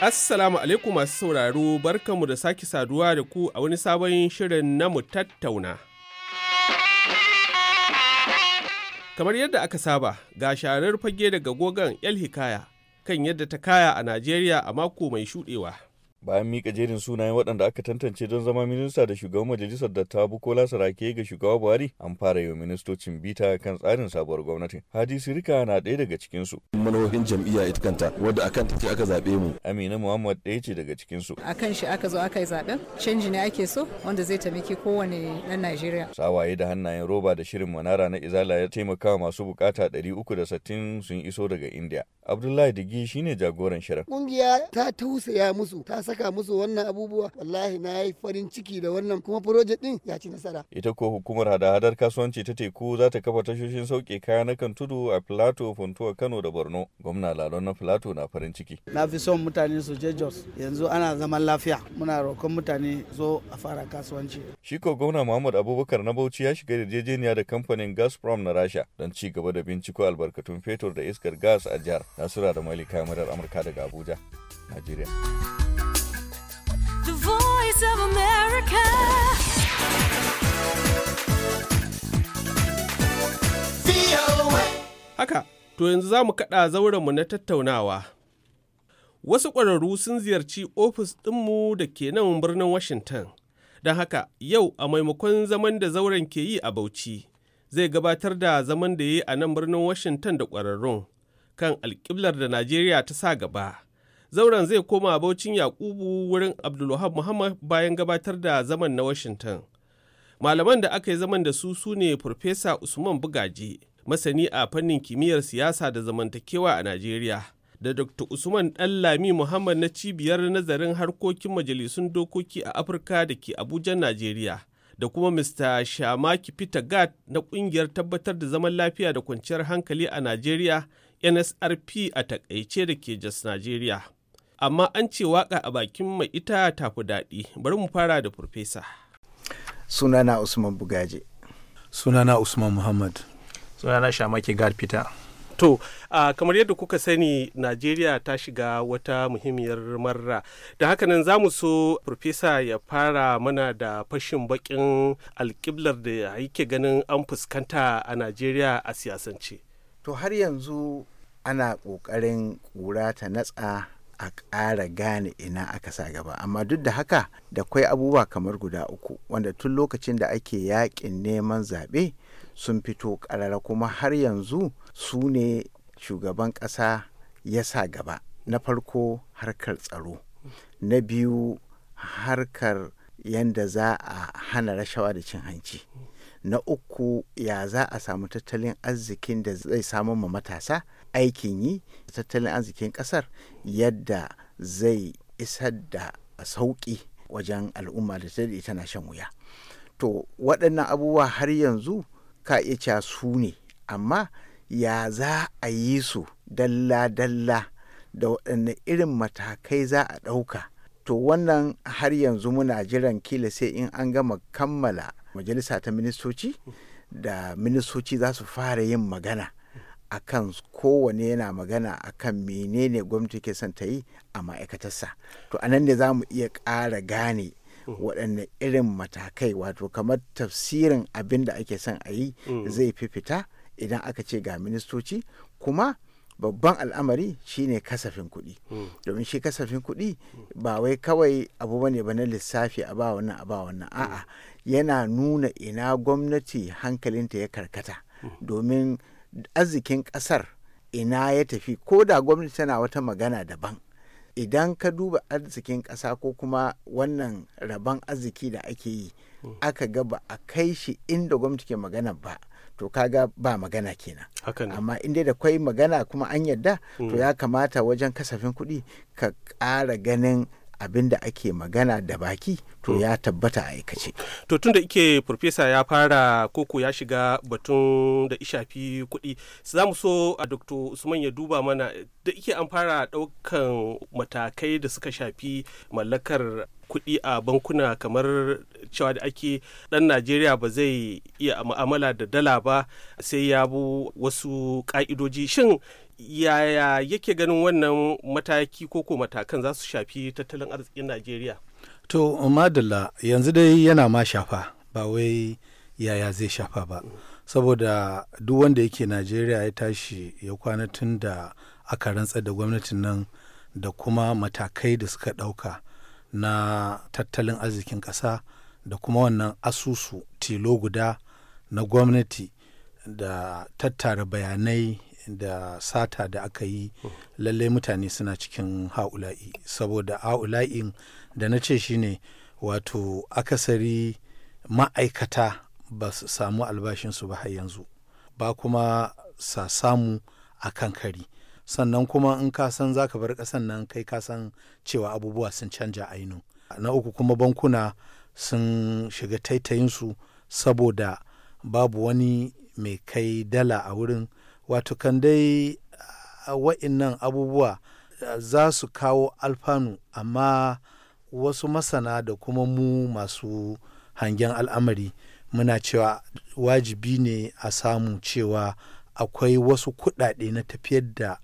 Assalamu alaikum masu sauraro barkanmu da sake saduwa da ku a wani sabon shirin na mu tattauna. Kamar yadda aka saba, ga sharar fage daga gogon El Hikaya kan yadda ta kaya a Najeriya a mako mai shuɗewa. bayan mika jerin sunayen waɗanda aka tantance don zama minista da shugaban majalisar da ta bukola sarake ga shugaba buhari an fara yi ministocin bita kan tsarin sabuwar gwamnatin hadi sirika na ɗaya daga cikinsu manohin jam'iyya ita kanta wadda akan take aka zaɓe mu amina muhammad ɗaya ce daga cikinsu akan shi aka zo aka yi zaɓen canji ne ake so wanda zai taimaki kowane ɗan najeriya sawaye da hannayen roba da shirin manara na izala ya taimaka masu bukata ɗari uku da sittin sun iso daga Indiya. abdullahi digi shine jagoran shirin ƙungiya ta tausaya musu saka musu wannan abubuwa wallahi na yi farin ciki da wannan kuma project din ya ci nasara ita ko hukumar hada-hadar kasuwanci ta teku za ta kafa tashoshin sauke kaya na kan tudu a filato funtuwa kano da borno gwamna lalon na filato na farin ciki na fi son mutane su je jos yanzu ana zaman lafiya muna roƙon mutane zo a fara kasuwanci shi ko gwamna muhammad abubakar na bauchi ya shiga yarjejeniya da kamfanin gazprom na rasha don ci gaba da binciko albarkatun fetur da iskar gas a jihar nasura da malika murar amurka daga abuja najeriya the voice of America. Haka, to yanzu za mu kaɗa zaurenmu na tattaunawa. Wasu ƙwararru sun ziyarci ofis ɗinmu da ke nan birnin Washington. Don haka, yau a maimakon zaman da zauren ke yi a Bauchi, zai gabatar da zaman da ya yi a nan birnin Washington da ƙwararrun kan alƙiblar da Najeriya ta sa gaba. zauren zai koma abocin Yakubu wurin Abdulwahab Muhammad bayan gabatar da zaman na Washington. Malaman da aka yi zaman da su su ne Farfesa Usman Bugaji, masani a fannin kimiyyar siyasa da zamantakewa a Najeriya, da Dr. Usman Ɗanlami Muhammad na cibiyar nazarin harkokin majalisun dokoki a Afirka da ke Abuja, Najeriya. da kuma Mr. Shamaki Peter gat na ƙungiyar tabbatar da zaman lafiya da kwanciyar hankali a Najeriya NSRP a takaice da ke jas Najeriya. amma an ce waka a bakin mai ita tafi daɗi bari mu fara da farfesa sunana usman bugaje sunana usman muhammad sunana shamaki gad to uh, kamar yadda kuka sani najeriya ta shiga wata muhimmiyar marra da hakanan za mu so farfesa ya fara mana da fashin bakin alkiblar da yake ganin an fuskanta a najeriya a siyasance to har yanzu ana ƙoƙarin ƙura ta natsa a ƙara gane ina aka sa gaba amma duk da haka da kwai abubuwa kamar guda uku wanda tun lokacin da ake yakin neman zaɓe sun fito ƙarara kuma har yanzu su ne shugaban ƙasa ya sa gaba na farko harkar tsaro na biyu harkar yadda za a hana rashawa da cin hanci na uku ya za a samu tattalin arzikin da zai samu ma matasa aikin yi tattalin arzikin kasar yadda zai isar da sauƙi wajen al'umma da ta tana shan wuya to waɗannan abubuwa har yanzu ka iya su ne amma ya za a yi su dalla-dalla da waɗanne irin matakai za a ɗauka to wannan har yanzu muna jiran kila sai in an gama kammala majalisa ta ministoci da ministoci za su fara yin magana a akan kowane yana magana a kan menene gwamnati ke son ta yi a ma'aikatarsa to a nan ne za mu iya ƙara gane waɗanne irin matakai wato kamar tafsirin abin da ake son a yi mm. zai fi fita idan aka ce ga ministoci kuma babban al'amari shine kasafin kuɗi mm. domin shi kasafin kuɗi ba wai kawai abu bane ba na lissafi a ba wannan a ba wannan a'a mm. yana nuna ina gwamnati hankalinta ya karkata domin arzikin kasar ina ya tafi ko da gwamnati tana wata magana daban idan ka duba arzikin ƙasa ko kuma wannan rabon arziki da ake yi aka ga ba a kai shi inda gwamnati ke magana ba to kaga ba magana kenan amma inda da kwai magana kuma an yadda to mm. ya kamata wajen kasafin kuɗi ka ƙara ganin abin da ake magana da baki to hmm. ya tabbata a aikace. To tun da ike farfesa ya fara koko ya shiga batun da ishafi kuɗi za mu so a Dr. Usman ya duba mana da ike an fara ɗaukan matakai da suka shafi mallakar kuɗi a bankuna kamar cewa da ake ɗan najeriya ba zai iya mu'amala da dala ba sai ya bu wasu ƙa'idoji shin yaya yake ganin wannan mataki ko ko matakan za su shafi tattalin arzikin najeriya to madala yanzu dai yana ma shafa ba wai yaya zai shafa ba mm. saboda duk wanda yake najeriya ya tashi ya kwana tun da aka rantsar da gwamnatin nan da kuma matakai da suka ɗauka na tattalin arzikin ƙasa da kuma wannan asusu tilo guda na gwamnati da tattara bayanai da sata da aka yi lallai mutane suna cikin ha'ula'i saboda ha'ula'in da na ce shine wato akasari ma'aikata ba su samu albashinsu ba har yanzu ba kuma sa samu a kan kari sannan kuma in ka san za ka bar ƙasan nan kai ka san cewa abubuwa sun canja ainu na uku kuma bankuna sun shiga taitayinsu saboda babu wani mai kai dala a wurin wato kan dai wa'innan abubuwa za su kawo alfanu amma wasu masana da kuma mu masu hangen al'amari muna cewa wajibi ne a samu cewa akwai wasu kuɗaɗe na tafiyar da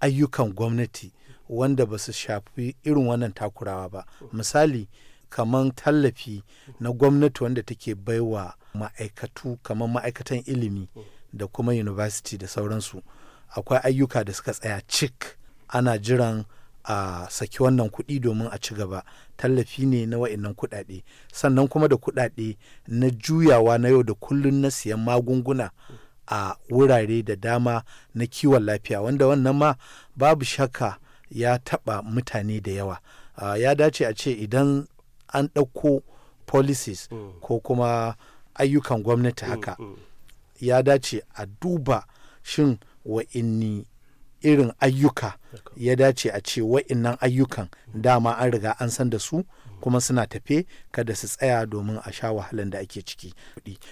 ayyukan gwamnati wanda ba su shafi irin wannan takurawa ba misali kamar tallafi na gwamnati wanda take baiwa ma'aikatu kamar ma'aikatan ilimi da kuma university da sauransu akwai ayyuka da suka tsaya cik ana jiran a saki wannan kuɗi domin a ci gaba tallafi ne na wa'annan kuɗaɗe sannan kuma da kuɗaɗe na juyawa na yau da kullun na siyan magunguna a wurare da dama na kiwon lafiya wanda wannan ma babu shakka ya taɓa mutane da yawa uh, ya dace a ce idan an ɗauko policies mm. ko kuma ayyukan gwamnati haka mm. mm. ya dace a duba shin wa'inni irin ayyuka ya dace a ce wa'innan ayyukan dama an riga an san da su kuma suna tafe kada su tsaya domin a sha wahalan da ake ciki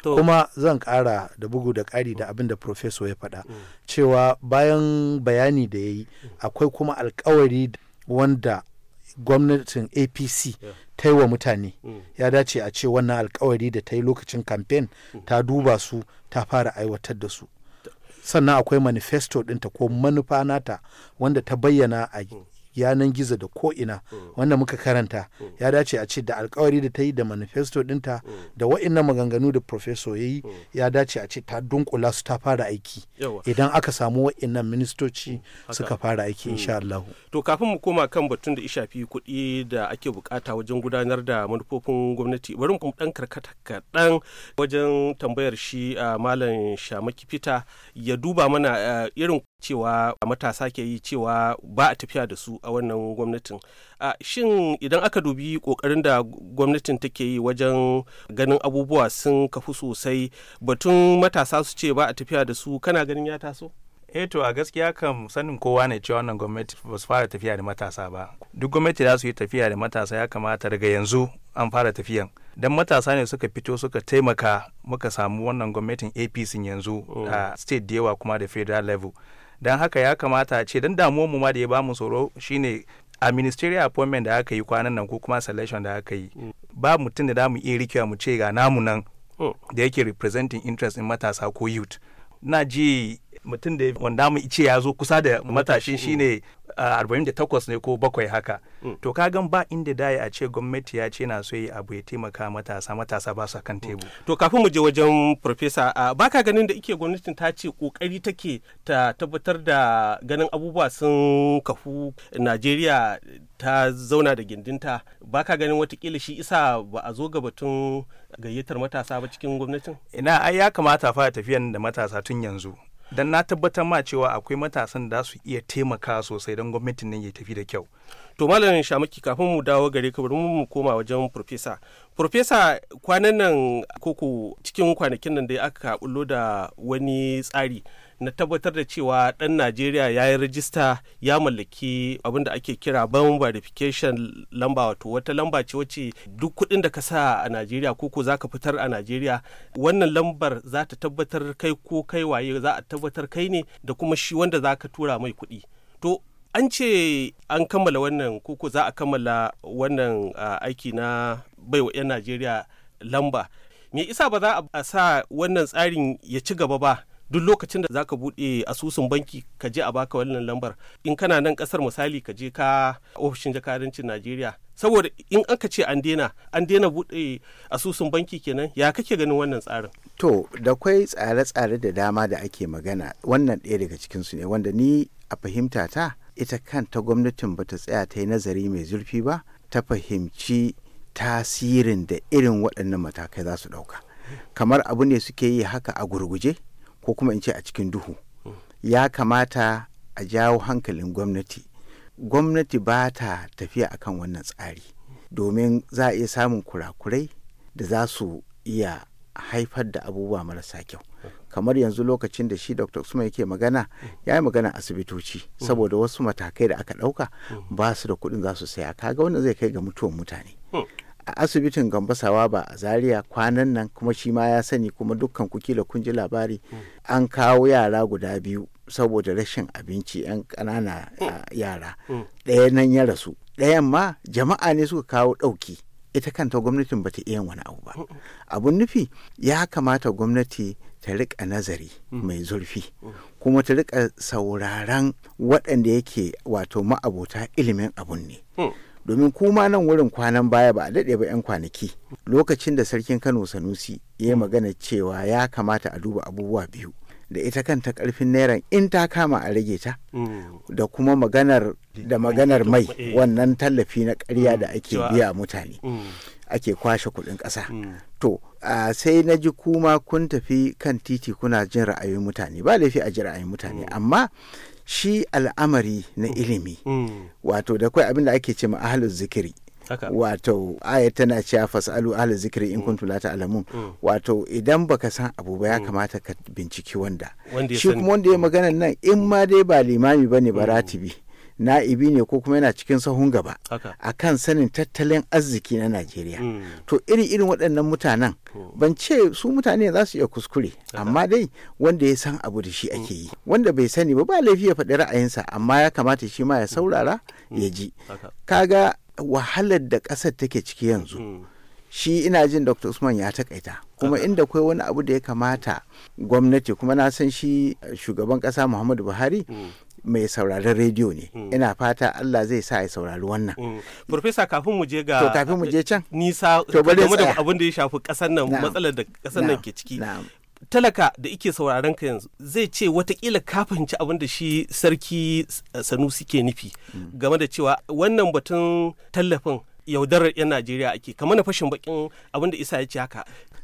kuma zan kara da bugu da kari da abin da profeso ya faɗa mm. cewa bayan bayani da ya yi mm. akwai kuma alkawari wanda gwamnatin apc ta yi wa mutane mm. ya dace a ce wannan alkawari da ta yi lokacin kamfen mm. ta duba su ta fara aiwatar da su sannan akwai manifesto ɗinta ko manufa nata wanda ta bayyana a mm. yanan gizo da ko'ina wanda muka karanta ya dace a ce da alkawari da ta yi da manifesto dinta da wa'innan maganganu da professor ya yi ya dace a ce ta dunkula su ta fara aiki idan aka samu wa'innan ministoci mm, suka fara aiki mm. insha Allah. To kafin mu koma kan batun da ishafi kuɗi da ake bukata wajen gudanar da manufofin gwamnati bari mu dan karkata kaɗan wajen tambayar shi ah, malam Shamaki Fita ya duba mana ah, irin cewa matasa ke yi cewa ba a tafiya da su a wannan gwamnatin shin idan aka dubi kokarin da gwamnatin take yi wajen ganin abubuwa sun kafu sosai batun matasa su ce ba a tafiya da su kana ganin ya taso eh to a gaskiya kam sanin kowa ne cewa wannan gwamnati ba su fara tafiya da matasa ba duk gwamnati za su yi tafiya da matasa ya kamata daga yanzu an fara tafiyan dan matasa ne suka fito suka taimaka muka samu wannan gwamnatin apc yanzu oh. a state da yawa kuma da federal level don haka ya kamata a ce don damuwar mu ma da ya ba mu tsoro shine a ministerial appointment da aka yi kwanan nan ko kuma selection da aka yi mm. ba mutum da damu iya rikewa mu ce ga namu nan mm. da yake representing interest in matasa ko youth na ji mutum da wanda mu ice ya zo kusa da mm. matashin shine mm. takwas ne ko bakwai haka mm. to ka gan ba inda daya a ce gwamnati ya ce na so yi abu ya taimaka matasa matasa ba su kan tebu to kafin mu je wajen ba baka ganin da ike gwamnatin ta ce kokari take ta tabbatar da ganin abubuwa sun kafu Najeriya ta zauna da gindinta baka ganin watakila shi isa ba a zo ga batun gayyatar matasa ba cikin gwamnatin ina ai ya kamata fa tafiyan da matasa tun yanzu don na tabbatar ma cewa akwai matasan da su iya taimaka sosai don gwamnatin nan ya tafi da kyau to malamin shamaki kafin mu dawo gare ka bari mu koma wajen profesa profesa kwanan nan koko cikin kwanakin nan da aka bullo da wani tsari na tabbatar da cewa ɗan najeriya ya yi rajista ya mallaki abin da ake kira ban verification lamba wato wata lamba ce wacce duk kuɗin da ka sa a najeriya ko ko za ka fitar a najeriya wannan lambar za ta tabbatar kai ko kai waye za a tabbatar kai ne da kuma shi wanda za ka tura mai kuɗi to an ce an kammala wannan ko ko za a kammala wannan aiki na baiwa 'yan najeriya lamba me isa ba za a sa wannan tsarin ya ci gaba ba duk lokacin da zaka buɗe asusun banki ka je a baka wannan lambar in kana nan kasar misali ka je ka ofishin jakadancin najeriya saboda in aka ce an daina an daina buɗe asusun banki kenan ya kake ganin wannan tsarin to da kwai tsare-tsare da dama da ake magana wannan ɗaya daga cikin su ne wanda ni a fahimta ta ita ta gwamnatin bata tsaya ta yi nazari mai zurfi ba ta fahimci tasirin da irin waɗannan matakai za su ɗauka kamar abu ne suke yi haka a gurguje ko kuma in ce a cikin duhu ya kamata a jawo hankalin gwamnati gwamnati ba ta tafiya kan wannan tsari domin za a iya samun kurakurai da za su iya haifar da abubuwa marasa kyau kamar yanzu lokacin da shi dr suma yake magana ya yi magana asibitoci saboda wasu matakai da aka ɗauka ba su da kuɗin za su saya kaga wannan zai kai ga mutuwan mutane a asibitin gambasawa ba a zaria kwanan nan kuma shi ma ya sani kuma dukkan kukila kun ji labari mm. an kawo yara guda biyu saboda rashin abinci 'yan ƙanana mm. ah, yara mm. ɗaya nan ya rasu ɗayan ma jama'a ne suka kawo ɗauki ita kanta gwamnatin bata iya wani abu ba abun nufi ya kamata gwamnati ta riƙa nazari mai zurfi kuma ta riƙa sauraron waɗanda yake wato ma'abota ilimin abun ne domin kuma nan wurin kwanan baya ba a daɗe ba 'yan kwanaki lokacin da sarkin kano sanusi ya yi magana cewa ya kamata a duba abubuwa biyu da ita kanta karfin naira in ta kama a rage ta mm. da kuma maganar da maganar mai eh. wannan tallafi na karya mm. da ake biya mutane mm. ake kwashe kuɗin ƙasa to sai na ji kuma kun tafi kan titi kuna jin ra'ayoyin mutane ba laifi a ji ra'ayin mutane amma shi al'amari na mm. ilimi mm. wato da kwai abin da ake ce ma zikiri wato aya tana cewa fasalu ahli zikiri in mm. kuntum la ta'lamun wato idan baka san abu ba ya kamata ka binciki wanda shi kuma wanda ya magana nan in ma dai ba limami bane ba ratibi na'ibi ne ko kuma yana cikin sahun gaba a kan sanin tattalin arziki na najeriya mm. to iri irin waɗannan mutanen ban ce su mutane za su iya kuskure amma dai wanda ya san abu da shi mm. ake yi wanda bai sani ba ba laifi ya faɗi ra'ayinsa amma ya kamata shi ma ya mm. saurara ya ji kaga wahalar da ƙasar take ciki yanzu shi ina jin dr usman ya takaita kuma inda kwai wani abu da ya kamata gwamnati kuma na san shi shugaban ƙasa muhammadu buhari mai sauraron rediyo ne hmm. ina fata Allah zai sa ya saurari wannan hmm. Profesa kafin mu je ga to kafin mu je can nisa to bari da abin da ya shafi kasar nan matsalar da kasar nan ke ciki talaka da ike sauraron ka yanzu zai ce watakila ka fahimci abin da shi sarki sanusi ke nufi hmm. game da cewa wannan batun tallafin yaudarar 'yan najeriya ake kamar na fashin bakin abin da isa ya ce haka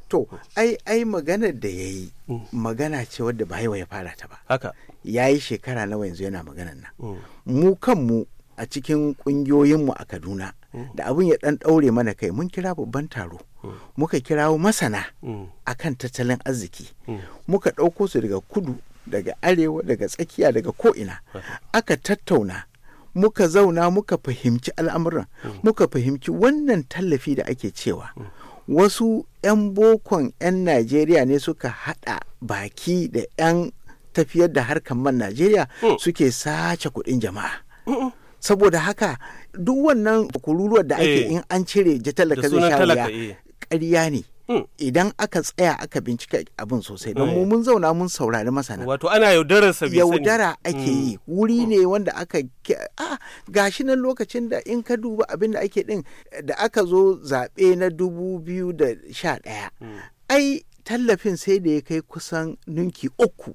to ai ai magana da ya yi mm. magana ce wadda ba ya fara ta ba haka ya yi shekara nawa yanzu yana maganan nan mm. mu kanmu a cikin ƙungiyoyinmu a kaduna mm. da abin ya ɗan ɗaure mana kai mun kira babban taro muka kirawo masana a kan tattalin arziki muka ɗauko su daga kudu daga arewa daga tsakiya daga ko'ina aka tattauna muka zauna muka fahimci al'amuran muka fahimci wannan tallafi da ake cewa wasu 'yan bokon 'yan najeriya ne suka haɗa baki da 'yan tafiyar da harkar man najeriya mm. suke sace kuɗin jama'a saboda haka duk wannan kururuwar da ake eh. in an cire ja talaka zai sha eh. ƙarya ne Hmm. idan aka tsaya aka bincika abin sosai don mu eh. mun zauna mun saurari masana wato ana yaudarar ne. yaudara ake hmm. yi wuri hmm. ne wanda aka a gashi nan lokacin da in ka duba abin da ake din da aka zo zaɓe na dubu biyu da sha ɗaya ai tallafin sai da ya kai kusan ninki uku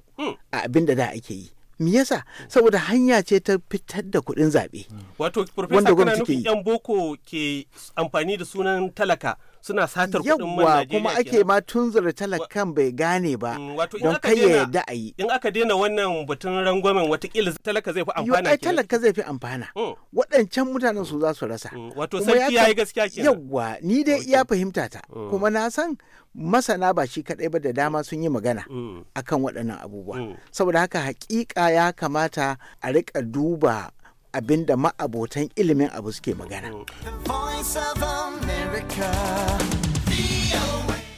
a abin da da ake yi me yasa saboda hanya ce ta fitar da kuɗin zaɓe wato profesa kana nufin yan boko ke amfani da sunan talaka suna satar kuɗin man Najeriya kuma ake ma tunzura talakan bai gane ba mm, don kai ya yarda a yi in aka daina wannan batun rangwamen watakila talaka zai fi amfana yau talaka zai fi amfana mm. waɗancan mutanen su za su rasa mm, wato sarki yayi gaskiya kenan yawwa ni dai iya fahimta ta kuma na san masana ba shi kaɗai ba da dama sun yi magana akan waɗannan abubuwa saboda haka hakika ya kamata a riƙa duba abinda ma'abotan ilimin abu suke magana. Mm.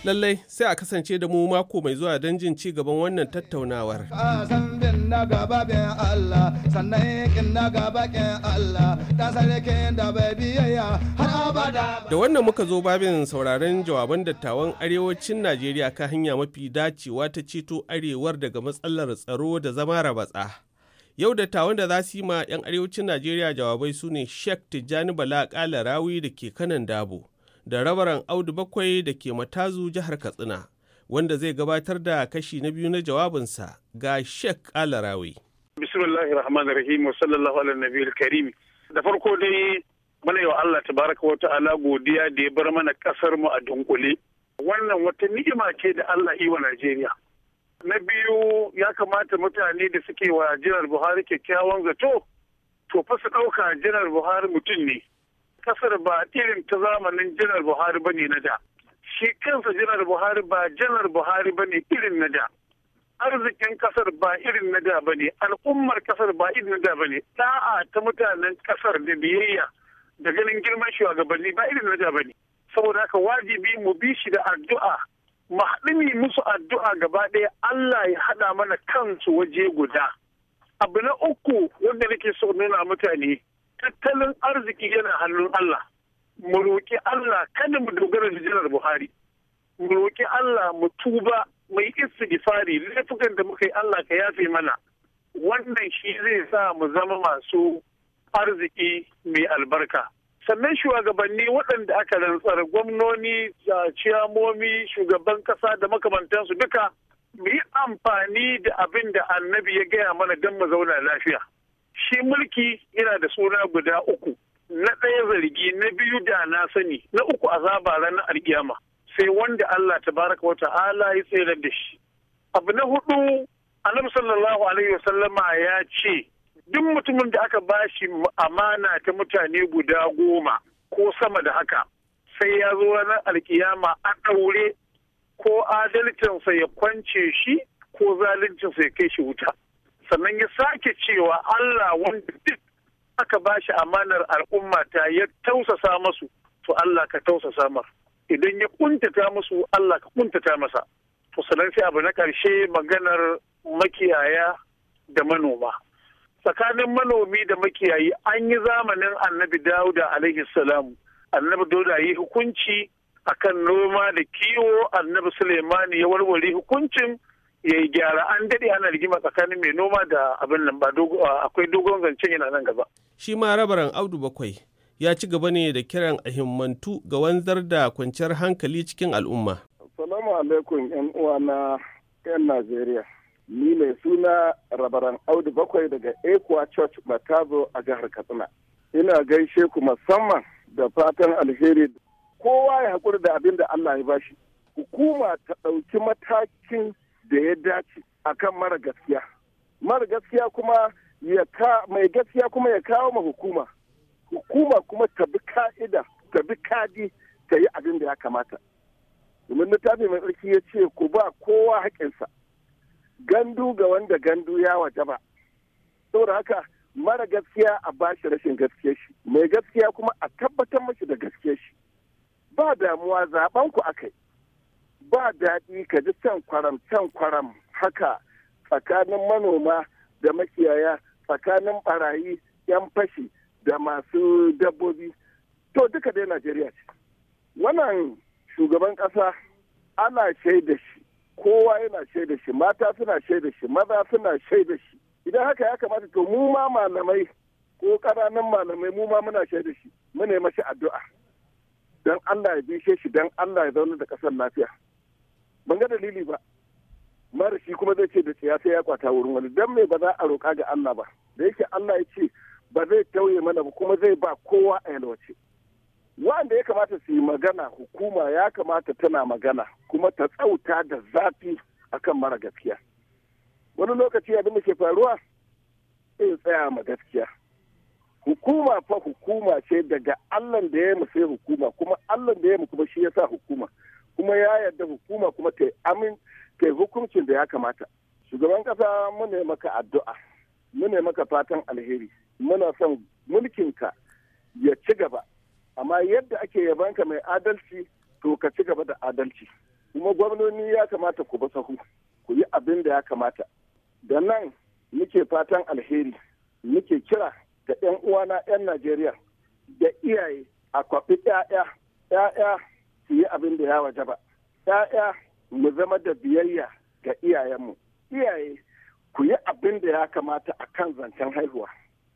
Lallai sai a kasance da mu mako mai zuwa don jin ci gaban wannan tattaunawar. Ah, da wannan muka zo babin sauraron jawaban dattawan arewacin Najeriya ka hanya mafi dacewa ta ceto arewar daga matsalar tsaro da zama rabatsa. yau dattawan da za su yi ma 'yan arewacin najeriya jawabai su ne sheikh tijjani bala kala rawi da ke kanan dabo da rabaran audu bakwai da ke matazu jihar katsina wanda zai gabatar da kashi na biyu na jawabinsa ga shek alarawi bismillahi rahman rahim wa sallallahu ala nabi karim da farko dai mana yau allah tabaraka wa ta'ala godiya da ya bar mana kasar mu a dunkule wannan wata ni'ima ce da allah yi wa najeriya na biyu ya kamata mutane da suke wa jiran buhari kyakkyawan zato to fa su ɗauka jiran buhari mutum ne kasar ba irin ta zamanin janar buhari ba ne na da shi kansa janar buhari ba janar buhari ba ne irin na da arzikin kasar ba irin na da ba ne al'ummar kasar ba irin na da ba ne da'a ta mutanen kasar da biyayya da ganin girman shugabanni ba irin na da ba ne saboda haka wajibi mu bi shi da addu'a mu haɗu musu addu'a gaba ɗaya Allah ya haɗa mana kansu waje guda abu na uku wanda nake so nuna mutane tattalin arziki yana hannun Allah mu roƙi Allah kada mu dogara da janar Buhari mu roƙi Allah mu tuba mai gifari laifukan da muka yi Allah ka yafe mana wannan shi zai sa mu zama masu arziki mai albarka sannan shugabanni waɗanda aka rantsar gwamnoni ciyamomi shugaban ƙasa da makamantansu duka mu yi amfani da abin da annabi ya gaya mana don mu zauna lafiya shi mulki yana da suna guda uku na ɗaya zargi na biyu da na sani na uku a azaba ranar alkiyama sai wanda Allah tabaraka wa ta'ala ya tsere da shi abu na hudu annabi sallallahu alaihi wasallama ya ce duk mutumin da aka bashi amana ta mutane guda goma ko sama da haka sai ya zo ranar alkiyama a ɗaure ko adalcinsa ya kwance shi ko zaluncinsa ya kai shi wuta sannan ya sake cewa Allah wanda duk aka ba shi amanar al'umma ta ya tausasa masu to Allah ka tausasa mar idan ya kuntata musu Allah ka kuntata masa to sannan sai abu na ƙarshe maganar makiyaya da manoma tsakanin manomi da makiyayi an yi zamanin annabi dauda alaihi salam annabi dauda yi hukunci akan noma da kiwo annabi suleimani ya warware hukuncin ya yi gyara an daɗe ana rigima tsakanin mai noma da abin nan ba akwai dogon zancen yana nan gaba. Shi ma rabaran Audu bakwai ya ci gaba ne da kiran ahimmantu ga wanzar da kwanciyar hankali cikin al'umma. Salamu alaikum ‘yan uwa na ‘yan Najeriya. Ni mai suna rabaran Audu bakwai daga Ekwa Church Batazo a jihar Katsina. Ina gaishe ku musamman da fatan alheri kowa ya haƙuri da abin da Allah ya bashi. Hukuma ta ɗauki matakin da ya dace akan mara gaskiya mara gaskiya kuma ya ka mai gaskiya kuma ya kawo ma hukuma hukuma kuma ta bi ka'ida ta bi kadi ta yi abin da ya kamata domin littafi mai tsarki ya ce ku ba kowa haƙinsa gandu ga wanda gandu ya waje ba saboda haka mara gaskiya a bashi rashin gaskiya shi mai gaskiya kuma a tabbatar mashi da gaskiya shi ba damuwa zaɓen ku akai ba daɗi ka ji can kwaram can kwaram haka tsakanin manoma da makiyaya tsakanin barayi yan fashi da masu dabbobi to duka dai najeriya ce wannan shugaban ƙasa ana shaida shi kowa yana shaida shi mata suna shaida shi maza suna shaida shi idan haka ya kamata to mu ma malamai ko ƙananan malamai mu ma muna shaida shi mu ne mashi addu'a don allah ya bishe shi don allah ya zauna da ƙasar lafiya ban ga dalili ba marashi kuma zai ce da siyasa ya kwata wurin wani dan me ba za a roƙa ga Allah ba da yake Allah ya ce ba zai tauye mana ba kuma zai ba kowa a yalwace wanda ya kamata su yi magana hukuma ya kamata tana magana kuma ta tsauta da zafi akan mara gaskiya wani lokaci abin da ke faruwa sai tsaya ma gaskiya hukuma fa hukuma ce daga allah da ya mu sai hukuma kuma allah da ya mu kuma shi ya sa hukuma kuma ya yarda hukuma kuma ta amin ta hukuncin da ya kamata shugaban kasa muna maka addu'a muna maka fatan alheri muna son mulkinka ya ci gaba amma yadda ake yabanka mai adalci to ka ci gaba da adalci kuma gwamnoni ya kamata ku bi sahu ku yi abin da ya kamata da nan muke fatan alheri muke kira da 'yan uwana 'yan najeriya da iyaye a kwafi 'ya'ya 'ya'ya su yi abin da ya waje ba ‘ya'ya mu zama da biyayya ga iyayenmu iyaye ku yi abin da ya kamata a kan zancen haihuwa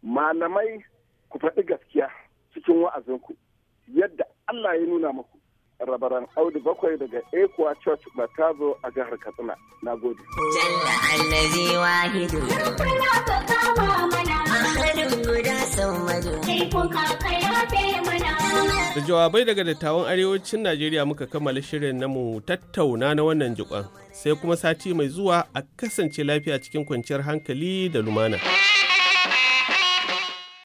malamai ku faɗi gaskiya cikin wa'azinku yadda Allah ya nuna muku rabaran audu bakwai daga Ekuwa church matazo a jihar katsina na gode da jawabai daga dattawan arewacin najeriya muka kammala shirin mu tattauna na wannan jikon sai kuma sati mai zuwa a kasance lafiya cikin kwanciyar hankali da lumana.